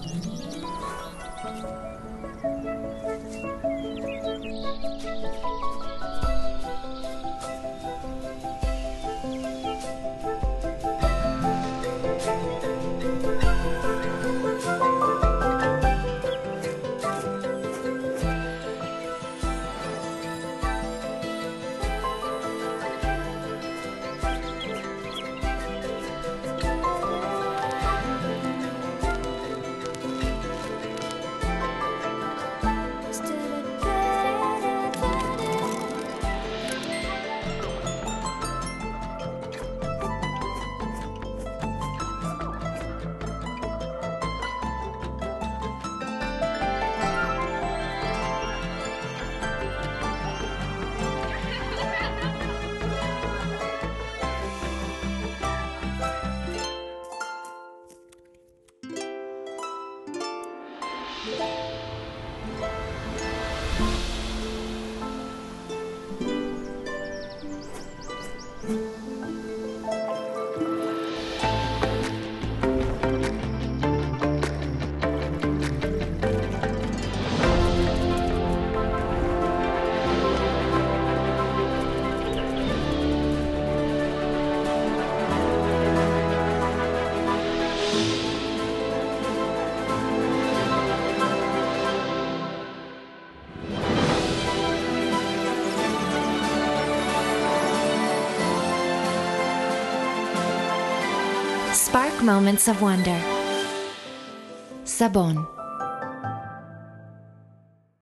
Thank you. Thank you. Spark moments of wonder. Sabon